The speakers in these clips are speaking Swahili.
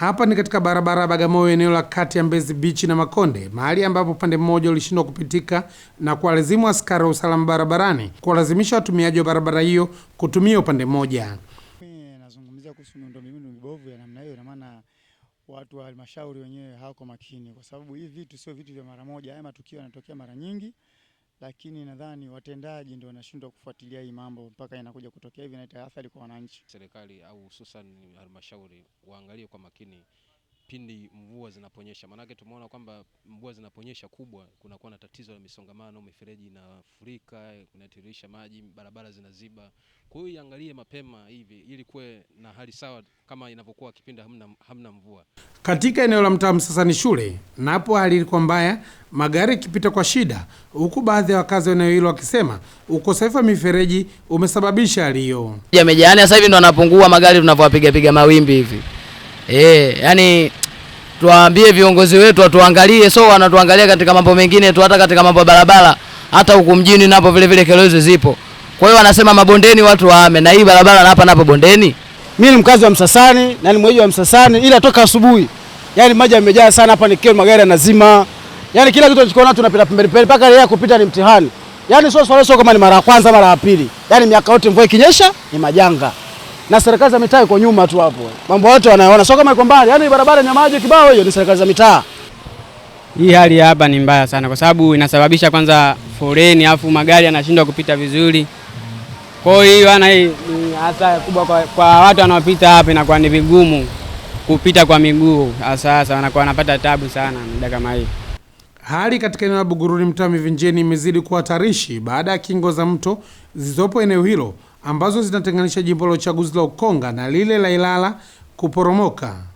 Hapa ni katika barabara ya Bagamoyo, eneo la kati ya Mbezi bichi na Makonde, mahali ambapo upande mmoja ulishindwa kupitika na kuwalazimu askari wa usalama barabarani kuwalazimisha watumiaji wa barabara hiyo kutumia upande mmoja. Nazungumzia kuhusu miundombinu mibovu ya namna hiyo, ina maana watu wa halmashauri wenyewe hawako makini, kwa sababu hivi vitu sio vitu vya mara moja. Haya matukio yanatokea mara nyingi lakini nadhani watendaji ndio wanashindwa kufuatilia hii mambo mpaka inakuja kutokea hivi na athari kwa wananchi. Serikali au hususan halmashauri waangalie kwa makini pindi mvua zinaponyesha. Maanake tumeona kwamba mvua zinaponyesha kubwa, kunakuwa na tatizo la misongamano, mifereji inafurika, inatiririsha maji, barabara zinaziba. Kwa hiyo iangalie mapema hivi ili kuwe na hali sawa kama inavyokuwa kipindi hamna, hamna mvua. Katika eneo la mtaa Msasani shule napo hali ilikuwa mbaya, magari yakipita kwa shida, huku baadhi ya wakazi wa eneo hilo wakisema ukosefu wa mifereji umesababisha hali hiyo. Jamejani yaani, sasa hivi ndo anapungua magari tunavyowapiga piga mawimbi hivi eh, yani tuwaambie viongozi wetu watuangalie, so wanatuangalia katika mambo mengine tu, hata katika mambo barabara, hata huku mjini napo vile vile kelele zipo. Kwa hiyo wanasema mabondeni watu waame, na hii barabara hapa napo bondeni. Mimi ni mkazi wa Msasani na ni mwenyeji wa Msasani, ila toka asubuhi, yani maji yamejaa sana hapa, nikiwa magari yanazima, yani kila kitu tunachoona tunapita pembeni pembeni, mpaka leo kupita ni mtihani. Yani sio swala, sio kama ni mara ya kwanza mara ya pili, yani miaka yote mvua ikinyesha ni majanga na serikali za mitaa iko nyuma tu hapo, mambo yote wanayoona, sio kama iko mbali. Yani barabara ya maji kibao, hiyo ni serikali za mitaa. Hii hali ya hapa ni mbaya sana, kwa sababu inasababisha kwanza foreni, afu magari yanashindwa kupita vizuri. Kwa hiyo ana hii hasa kubwa kwa, kwa watu wanaopita hapa, inakuwa ni vigumu kupita kwa miguu, hasa wanakuwa wanapata tabu sana muda kama hii. Hali katika eneo la Buguruni mtaa Mivinjeni imezidi kuwa tarishi baada ya kingo za mto zilizopo eneo hilo ambazo zinatenganisha jimbo la uchaguzi la Ukonga na lile la Ilala kuporomoka.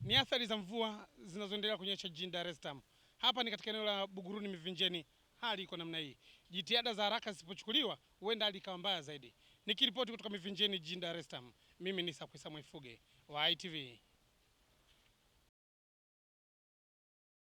Ni athari za mvua zinazoendelea kunyesha jijini Dar es Salaam. Hapa ni katika eneo la Buguruni Mivinjeni, hali iko namna hii. Jitihada za haraka zisipochukuliwa, huenda hali ikawa mbaya zaidi. Nikiripoti kutoka Mivinjeni jijini Dar es Salaam, mimi ni Sakwisa Mwifuge wa ITV.